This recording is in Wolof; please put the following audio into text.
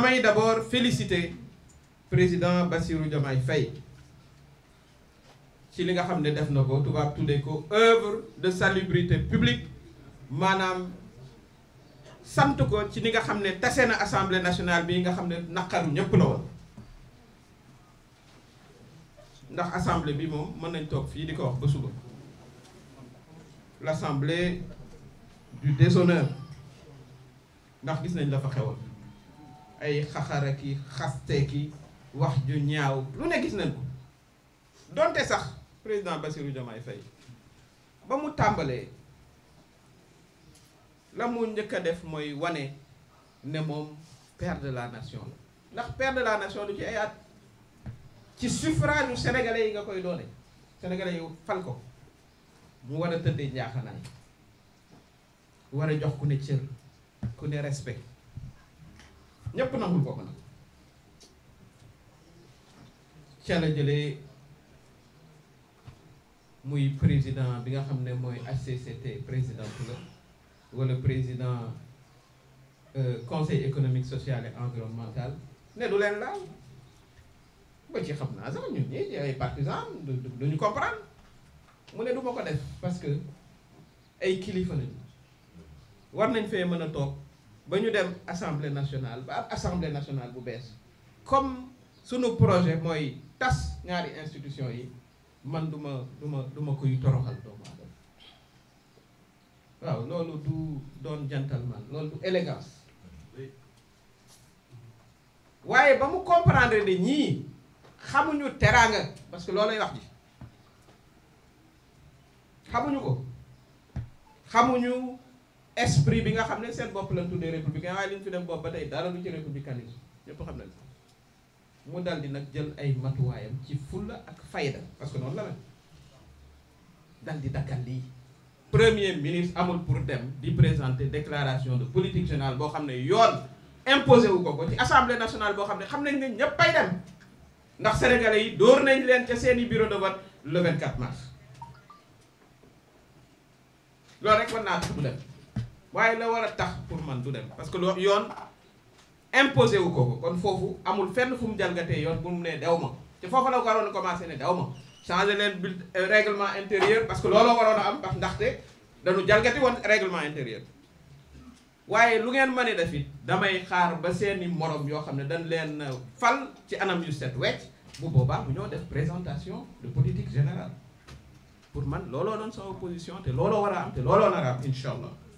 voudrais d'abord féliciter président Bassirou Diomaye Faye Si vous nga œuvre de salubrité publique Madame ko ci ni nationale bi nga xamné ñepp la ndax assemblée l'assemblée du déshonneur ay xaxara ki xaste ki wax ju ñaaw lu ne gis nañ ko donte sax président Bassirou Diomaye fay ba mu tàmbalee la mu njëkk a def mooy wane ne moom père de la nation la ndax père de la nation du ci ay ci suffrage yu sénégalais yi nga koy doone sénégalais yi fal ko mu war a tëddee njaaxanaay war a jox ku ne cër ku ne respect ñépp nangul ko ko nak ca la jëlee muy président bi nga xamné moy mooy HCCT président la wala président euh, conseil économique social et environnemental né du len laal ba ci xamna naa sax ñun ñii ay partisans duñu comprendre mu né du ma ko def parce que ay kilifa lañu war nañ fee mën a toog bañu dem assemblée nationale ba assemblée nationale bu bess comme suñu projet moy tas ñaari institution yi man duma duma duma koy toroxal doomu aadama waaw loolu du don gentleman lolu du élégance waaye ba mu comprendre ne ñii xamuñu teraanga parce que loolu wax ji xamuñu ko xamuñu esprit bi nga xam ne seen bopp lañ tuddee républicain waaye li ñu fi dem bopp ba tey dara du ci républicanisme ñëpp xam nañ mu dal di nag jël ay matuwaayam ci fulla ak fayda parce que noonu la la dal di dakkal lii premier ministre amul pour dem di présenter déclaration de politique générale boo xam ne yoon imposé wu ko ko ci assemblée nationale boo xam ne xam nañ ne ñépp ay dem ndax sénégalais yi dóor nañ leen ca seeni bureau de vote le 24 mars loolu rek war naa bu dem waaye la war a tax pour man du dem parce que lo yoon imposé wu ko ko kon foofu amul fenn fu mu jalgatee yoon bu mu ne daw ma te foofu la ko waroon a commencé ne daw ma changé leen bi euh, règlement intérieur parce que looloo waroon a am ndax ndaxte dañu jalgati woon règlement intérieur waaye lu ngeen mën a it damay xaar ba seeni morom yoo xam ne dañ leen euh, fal ci anam yu set wecc bu boobaa mu ñoo def présentation de politique générale pour man looloo doon sama position te looloo war a am te looloo nar a am incha allah